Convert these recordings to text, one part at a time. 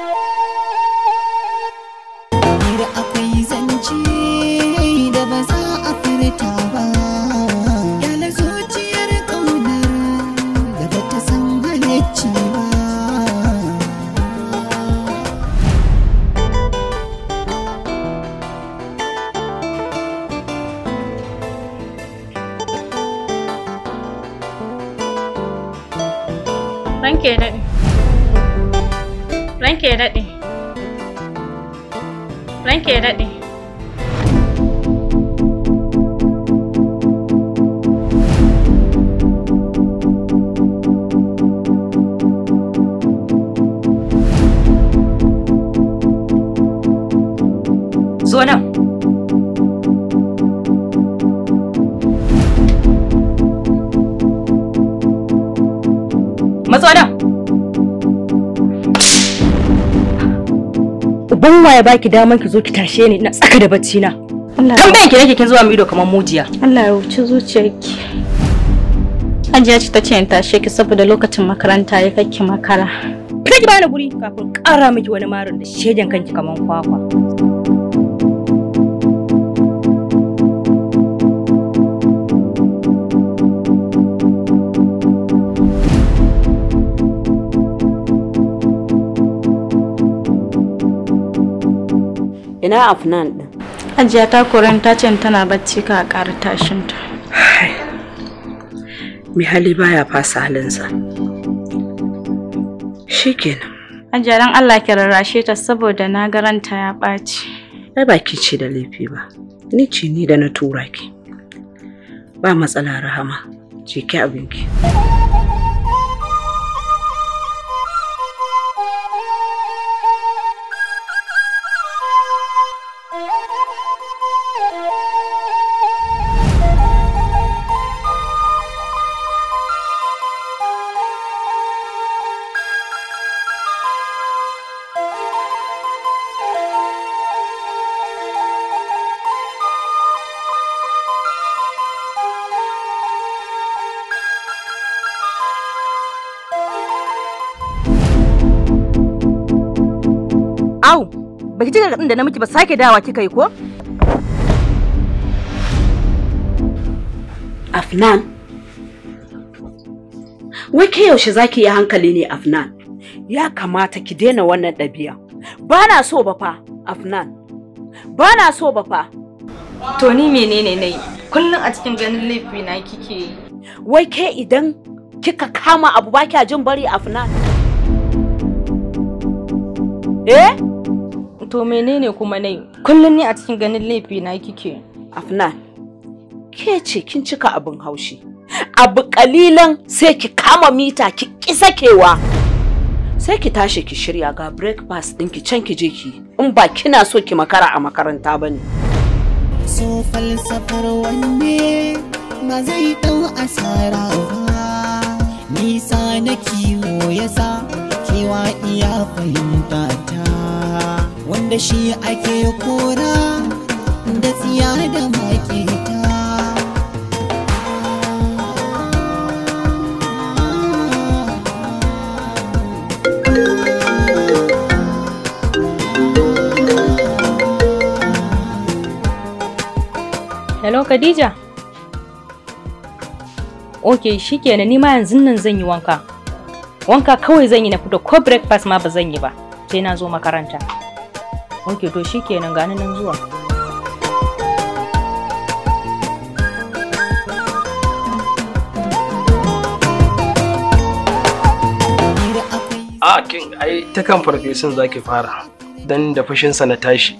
you ranke daɗe. Zo nan. Matso nan. ban waya baki daman ki zo ki tashe ni na tsaka da bacci na tambayan ki nake kin zuwa mu ido kamar mujiya Allah ya wuce zuciyarki Hajiya ce ta ce in tashe ki saboda lokacin makaranta ya kake makara. Fita ki bani guri kafin ƙara miki wani marin da shegen kanki kamar kwakwa. ina afnan din Ajiya ta koren ta ce tana bacci ka ƙara tashin ta mi hali baya fasa halin halinsa shikenan Ajiya dan Allah ki rarrashe ta saboda na garanta ya ɓaci ai ba ki ce da laifi ba ni ce ni da na tura ki ba matsala rahama je ki abinki. baki ji gargaɗin da namiji ba sake dawa kika yi ko afnan wai ke yaushe zaki yi hankali ne afnan ya kamata ki daina wannan ɗabi'a ba na so ba fa afnan ba na so ba fa to ni menene yi? kullum a cikin ganin laifi na kike yi wai ke idan kika kama abu ba kya jin bari afnan eh To menene kuma nai? Kullum ne a cikin ganin laifi na kike. Afnan, ke ce kin cika abin haushi. Abu kalilan sai ki kama mita ki kisakewa. Sai ki tashi ki shirya ga breakfast din ki can ki je ki in ba kina so ki makara a makaranta ba ne. So falsafar wanne ma zai dau asara ba. Nisa na kiwo yasa kewa iya fahimta ta. wanda shi ake kora da tsiya da maketa Hello Khadija Ok ke ni ma yanzu nan zan yi wanka wanka kawai zan yi na fito ko breakfast ma ba zan yi ba sai na zo makaranta ok to shikenan gani nan zuwa a kin ai ta kan farfesun zaki fara dan da fushinsa na tashi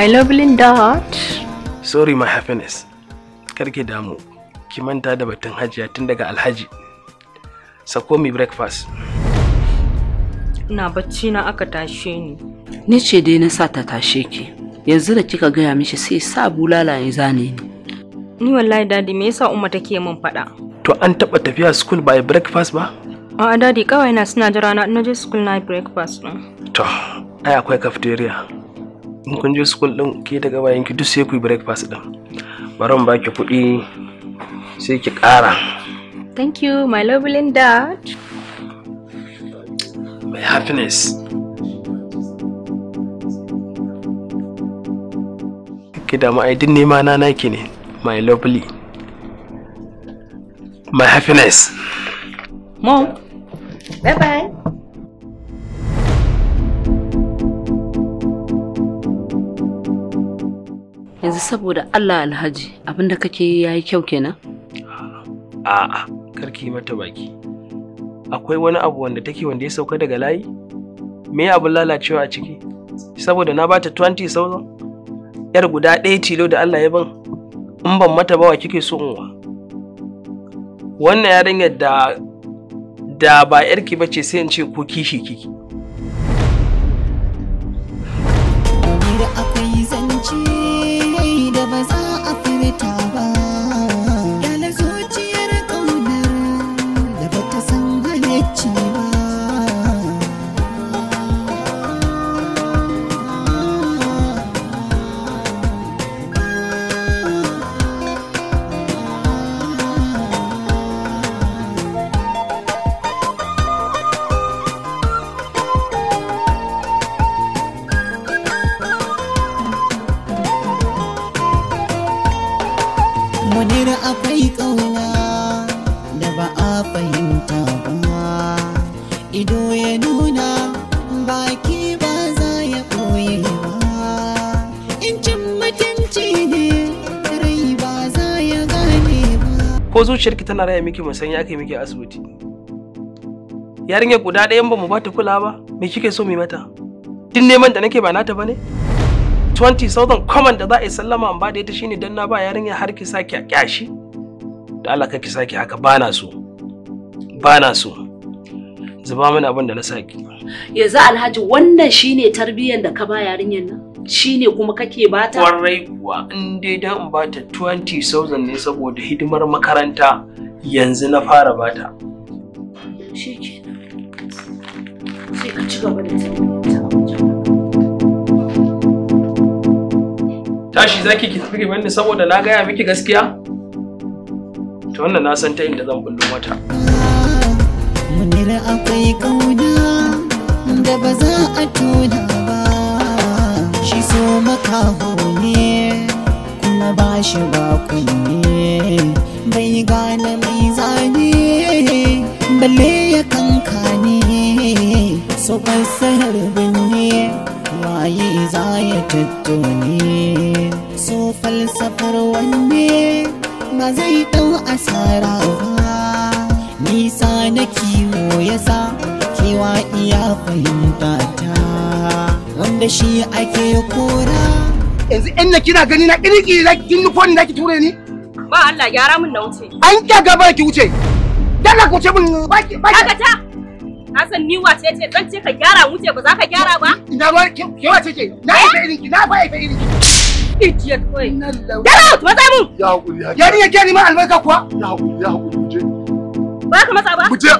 my lovely dot. Sorry my happiness. Karki damu. Ki manta da batun hajiya tun daga Alhaji. Sako mi breakfast. Na bacci na aka tashe ni. Ni ce dai na sa ta tashe ki. Yanzu da kika gaya mishi sai sa bulala ya zane ni. Ni wallahi dadi me yasa umma take min fada? To an taba tafiya school by breakfast ba? A dadi kawai na suna jira na je school na breakfast din. To ai akwai cafeteria. in kun je school din ke daga bayan ki duk sai ku yi breakfast din baron ba ki sai ki thank you my lovely dad my happiness ki da ma'aidin nema na naki ne my lovely my happiness mom bye bye yanzu saboda Allah alhaji abinda kake ya yi kyau kenan? A'a, karki mata baki. Akwai wani abu wanda take wanda ya sauka daga layi? Me abin lalacewa a ciki? Saboda na bata 20 sauran? Yar guda ɗaya tilo da Allah ya ban, in ban mata bawa kike so in wa. Wannan yarinyar da da ba yarki bace sai in ce ko kishi kiki. akwai zance always. ko zuciyarki tana raya miki musanya aka kai miki asibiti yarinya guda ɗayan ba mu ba ta kula ba me kike so mu mata din neman da nake ba nata bane 20000 common da za a yi sallama an ba da ita shine dan na ba yarinya har ki saki a kyashi da Allah ka ki saki haka bana so bana so zuba mana abin da na saki yanzu alhaji wannan shine tarbiyyar da ka ba yarinyar nan shine kuma kake bata kwarai kuwa in dai da in bata 20000 ne saboda hidimar makaranta yanzu na fara bata shikenan sai ka ci gaba da tashi zaki ki tafi ki saboda na gaya miki gaskiya to wannan na san ta inda zan bullo mata munira akwai kauna da ba za a tuna. shi so makaho ne kuma ba shi ba kunne bai gane mai zane balle ya kanka ne so fassarar binne waye za ya tattone so falsafar wanne ma zai dau asara ba nisa na kiwo sa kewa iya fahimta ta wanda shi ake kora yanzu in na kina gani na kirki za ki kinni ko za ki ture ni ba Allah gyara min na wuce an kya gaba ki wuce dala ku ce min ba ki ba ka ta na san ni wace ce zan ce ka gyara wuce ba za ka gyara ba ina ba ki wace ce na yi irin ki na ba yi irin ki idiot boy get out maza mun ya hakuri ya ni yake ni ma albarka kuwa ya hakuri ya hakuri wuce ba ka matsa ba wuce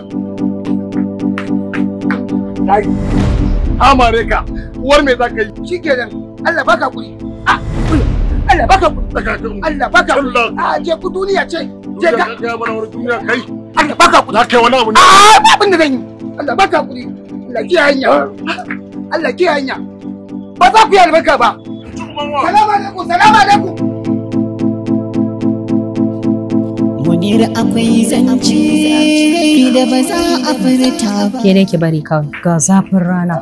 Thank you. amare ka uwar me ka yi shikenan Allah baka kuri ah, Allah baka kuri Allah baka kuri a ah, je ku duniya ce je ka ga mana wani duniya kai Allah baka kuri za wani abu ne ah, a abin da zan yi Allah baka kuri Allah ki hanya Allah ki hanya ba za ku yi albarka ba salamu alaikum salamu alaikum Munir akwai zance da ba za a furta ba. Ke ne ki bari kawai ga zafin rana.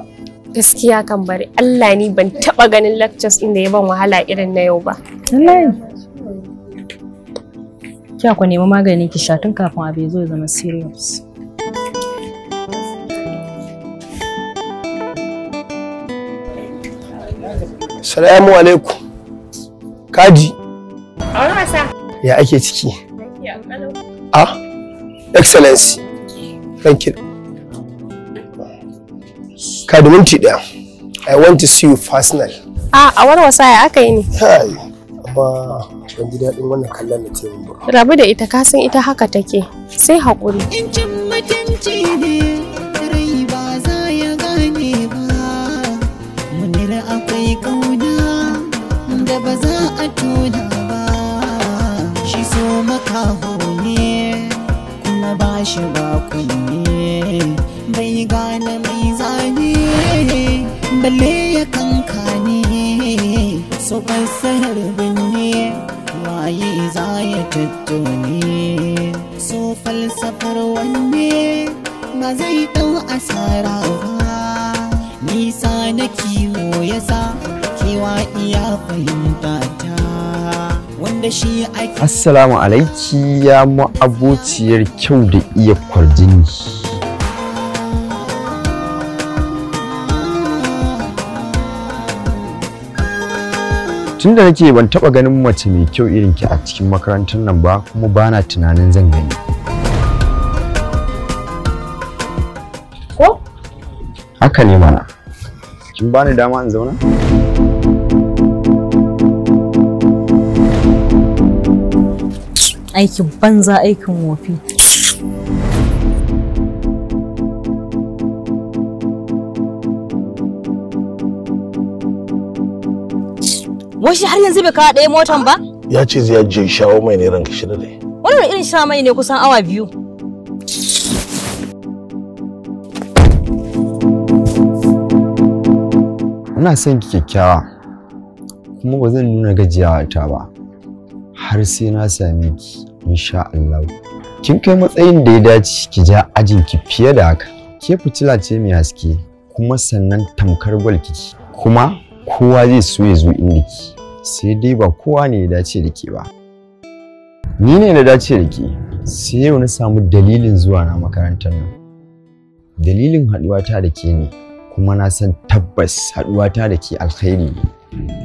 gaskiya kan bari Allah ni ban taba ganin lectures din da ya ban wahala irin na yau ba wallahi kya ku nemi magani ki sha tun kafin abu ya zo ya zama serious Salamu alaikum. Kaji. Aurasa. Ya ake ciki? Ah, Excellency. Thank you. Ka da minti ɗaya. I want to see you personal. A a warwasa ya aka yi ne. Hai, amma ban ji daɗin wannan kallon na tebur ba. Rabu da ita kasan ita haka take. Sai haƙuri. In Assalamu alaiki ya ma'abociyar kyau da iya kwarjini. Tun da nake ban taɓa ganin mace mai kyau irin ki a cikin makarantar nan ba kuma bana tunanin zan gani. Ko? Haka ne mana. Kin bani dama in zauna? aikin banza aikin wofi Washi har yanzu bai kawo ɗaya motan ba? Ya ce zai je shawo mai ne ran shi da dai. Wannan irin sha mai ne kusan awa biyu. Ina son ki kyakkyawa kuma ba zan nuna gajiya ta ba har sai na same ki. insha Allah kin kai matsayin da ya dace ki ja ajin ki fiye da haka ke fitila ce mai haske kuma sannan tamkar gwal kiki kuma kowa zai so ya zo inda ki sai dai ba kowa ne ya dace da ke ba ni ne na dace da ke sai yau na samu dalilin zuwa na makarantar nan dalilin haɗuwata da ke ne kuma na san tabbas haɗuwata da ke alkhairi ne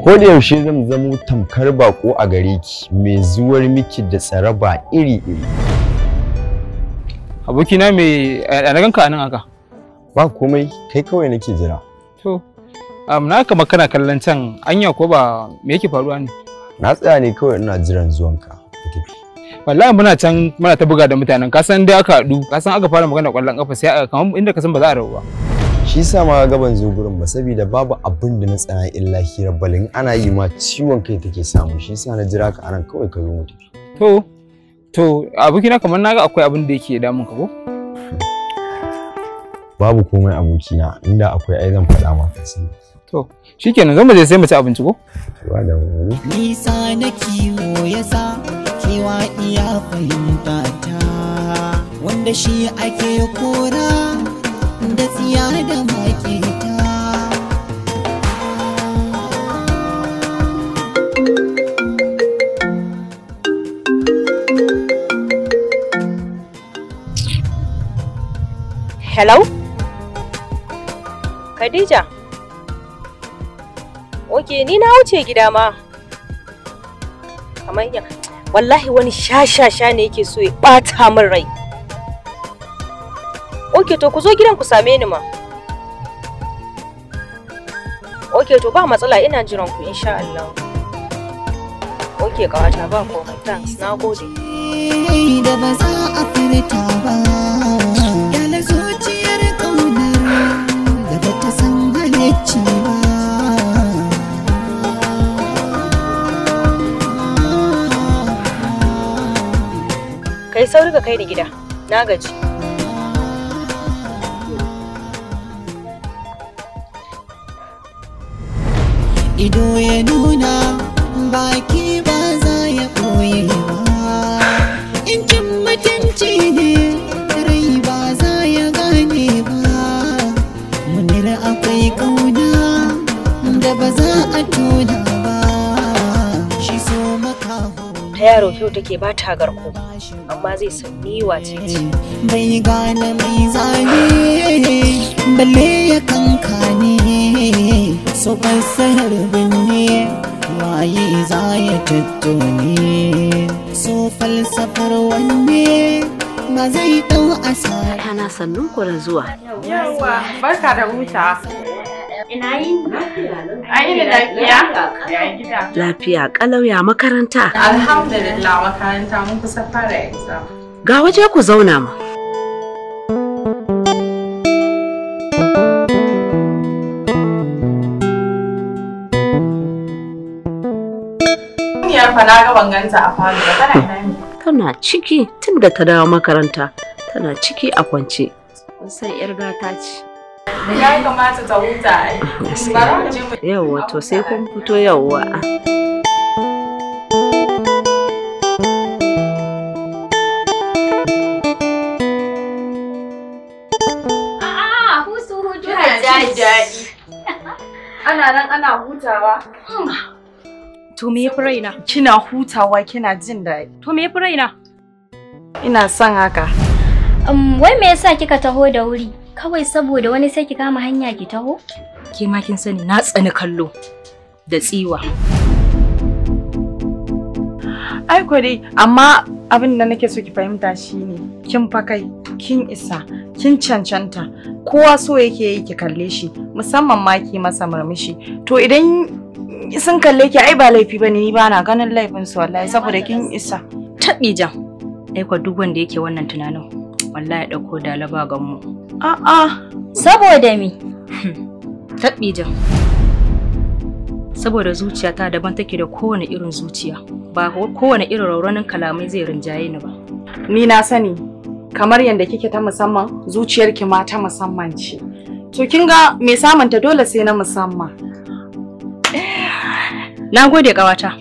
ko da yaushe zan zamo tamkar bako a gare ki mai zuwar miki da tsaraba iri-iri abokina mai eh, a ganka anan aka ba komai kai kawai nake jira to um, na kama kana kallon can anya ko ba me yake faruwa ne na tsaya ne kawai ina jiran zuwanka wallahi muna can muna ta buga da mutanen ka san dai aka haɗu ka san aka fara magana kwallon kafa sai aka kamar inda ka san ba za a rabu ba shi yasa ma ga ban zo gurin ba saboda babu abin da na tsana illa hira balin ana yi ma ciwon kai take samu shi yasa na jira ka anan kawai ka zo mu tafi to to abokina kamar naga akwai abin da yake damun ka ko babu komai abokina inda akwai ai zan faɗa maka sai to shikenan zan mu je sai mu ci abinci ko ba da wani nisa na kiwo yasa kewa iya fahimta ta wanda shi ake kora da tsiyar da makita Hello? Khadija? Oke, ni na wuce gida ma. Kamar wallahi wani sha-sha-sha ne yake so ya ɓata min rai. Oke to ku zo gidan ku same ni ma. Oke to ba matsala ina jiran ku insha Allah. Oke kawata ba komai thanks na gode. Da ba za a furta ba. Yana zuciyar kauna da ba ta san halicci ba. Kai sauri ka kai ni gida. Na gaji. ido ya nuna baki ba za ya koyi ba in jin mutunci ne rai ba za ya gane ba munir akwai kauna da ba za a tuna ba shi so makaho ta yaro kyau take ba ta garko amma zai san wace ce bai gane mai zane balle ya kankane masu sahar binne waye za ya so falsafar wanne ba zai dau asara tana sannun ku da zuwa yawa barka da huta ina yi. yin lafiya lafiya lafiya kalau ya makaranta alhamdulillah makaranta mun kusa fara exam ga waje ku zauna mu fa na ga banganta a falo tana ina tana ciki tun da ta dawo makaranta tana ciki a kwance san yar gata ce ya kamata ta huta yawwa to sai kun fito yawwa ana nan ana hutawa hmm. To me fi raina? Kina hutawa kina jin daɗi. To me fi raina? Ina son haka. Um, wai me yasa kika taho da wuri? Kawai saboda wani sai ki kama hanya ki taho? Ke ma kin sani na tsani kallo da tsiwa. Ai dai, amma abin da nake so ki fahimta shine kin fa kai, kin isa, kin cancanta. Kowa so yake yi ki kalle shi, musamman ma ki masa murmushi. To idan sun kalle ki ai ba laifi bane ni ba na ganin laifin su wallahi saboda kin isa taɓi jan ai kwa duk wanda yake wannan tunanin wallahi dauko da laba ga mu a a saboda me taɓi jan saboda zuciyata daban take da kowane irin zuciya ba kowane irin rauranin kalamai zai rinjaye ni ba ni na sani kamar yadda kike ta musamman zuciyarki ma ta musamman ce to kin ga me samunta dole sai na musamman Na gode ƙawata,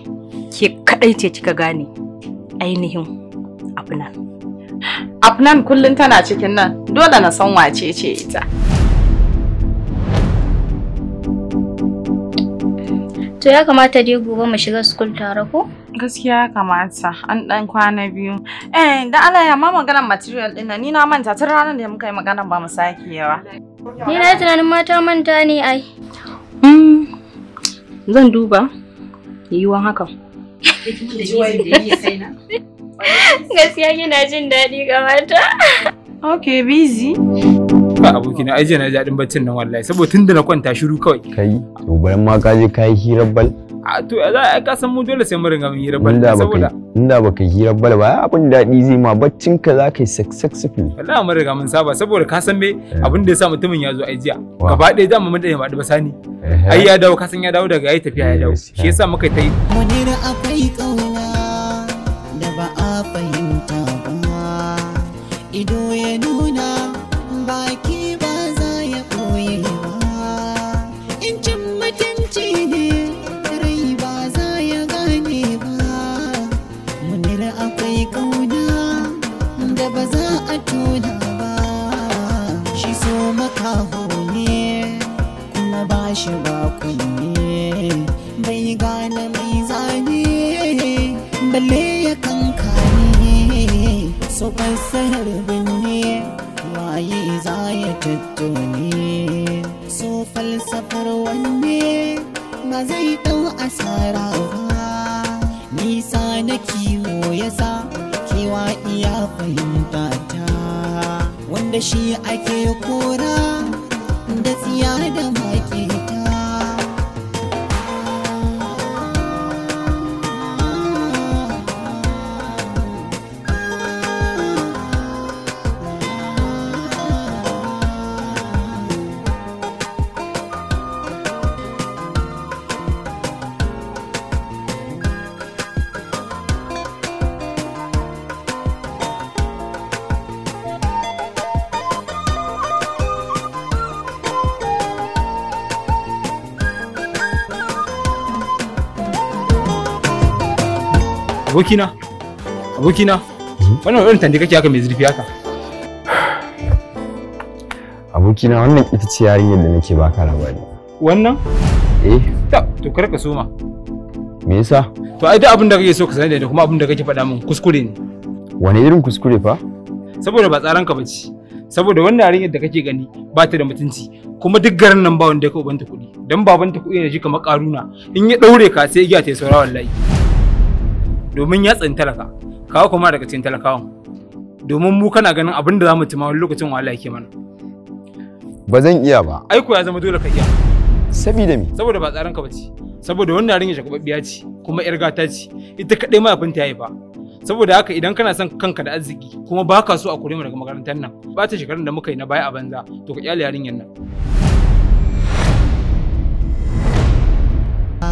ke kaɗai ce kika gane ainihin Afnan. Afnan kullum tana cikin nan, dole na san wace ce ita. To ya kamata dai gobe mu shiga school tare ko? Gaskiya ya kamata, an ɗan kwana biyu. Eh, da Allah ya ma maganar material ɗin ni na manta tun ranar da muka yi maganar ba mu sake yawa. Ni na tunanin mata manta ne ai. Hmm. zan duba. yiwuwan hakan gaskiya kina jin daɗi kamata ok busy ba aboki na ajiye na daɗin baccin nan wallahi saboda tun da na kwanta shiru kawai kai to bayan ma ka je ka hirar bal a ah, to za a ka san mu dole sai mu ringa hira balle saboda inda baka hira balle ba abin daɗi zai ma baccin ka za ka yi successful wallahi mun riga mun saba saboda ka san me eh. abin da ya sa mutumin ya zo ajiya gaba ɗaya da mu mun dade ba da basani eh. ai ya dawo ka san ya dawo daga yayi tafiya ya eh, dawo shi yasa muka ta yi munira akwai kauna da ba a fahimta ba ido ya nuna baki zai dau asara ba nisa na kiwo yasa kewa iya fahimta ta wanda shi ake kora da tsiya da mai abokina abokina wannan irin tande kake haka mai zurfi haka abokina wannan ita ce yarinyar da nake baka labari wannan eh ta to kar ka soma me yasa to ai duk abin da kake so ka sani da kuma abin da kake faɗa min kuskure ne wani irin kuskure fa saboda ba tsaran ka bace saboda wannan yarinyar da kake gani ba ta da mutunci kuma duk garin nan ba wanda ya ka banta kuɗi dan banta kuɗi ne ji kamar karuna in ya daure ka sai igiya ta yi saura wallahi domin ya tsin talaka kawo kuma daga cikin talakawan domin mu kana ganin abin da zamu ci ma wani lokacin wahala yake mana ba zan iya ba aiko ya zama dole ka iya saboda me saboda ba tsarin ka bace saboda wannan yarinya shakubabbiya ce kuma yar gata ce ita kadai abin ta yayi ba saboda haka idan kana son kanka da arziki kuma ba ka so a kure mu daga makarantar nan ba ta shekarun da muka yi na baya a banza to ka kyale yarinyar nan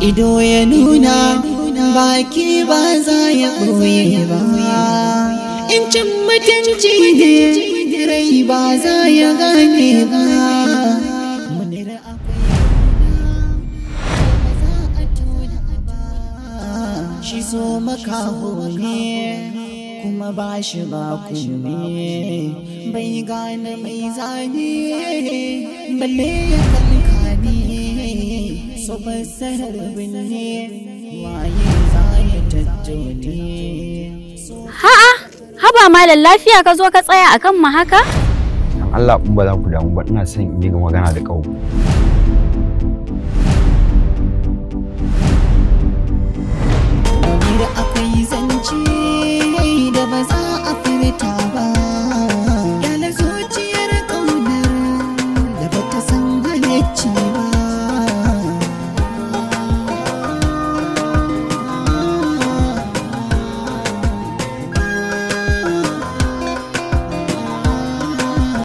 ido ya nuna baki ba za ya ɓoye ba in cin mutunci ne rai ba za ya gane ba shi maka makaho kuma ba shi ba kume bai gane mai zane balle ya su fassarar binne waye za ya tattone. Ha'a, haba malam lafiya ka zo ka tsaya akan mu haka? Allah in ba za ku damu ba ina son in yi magana da ƙau.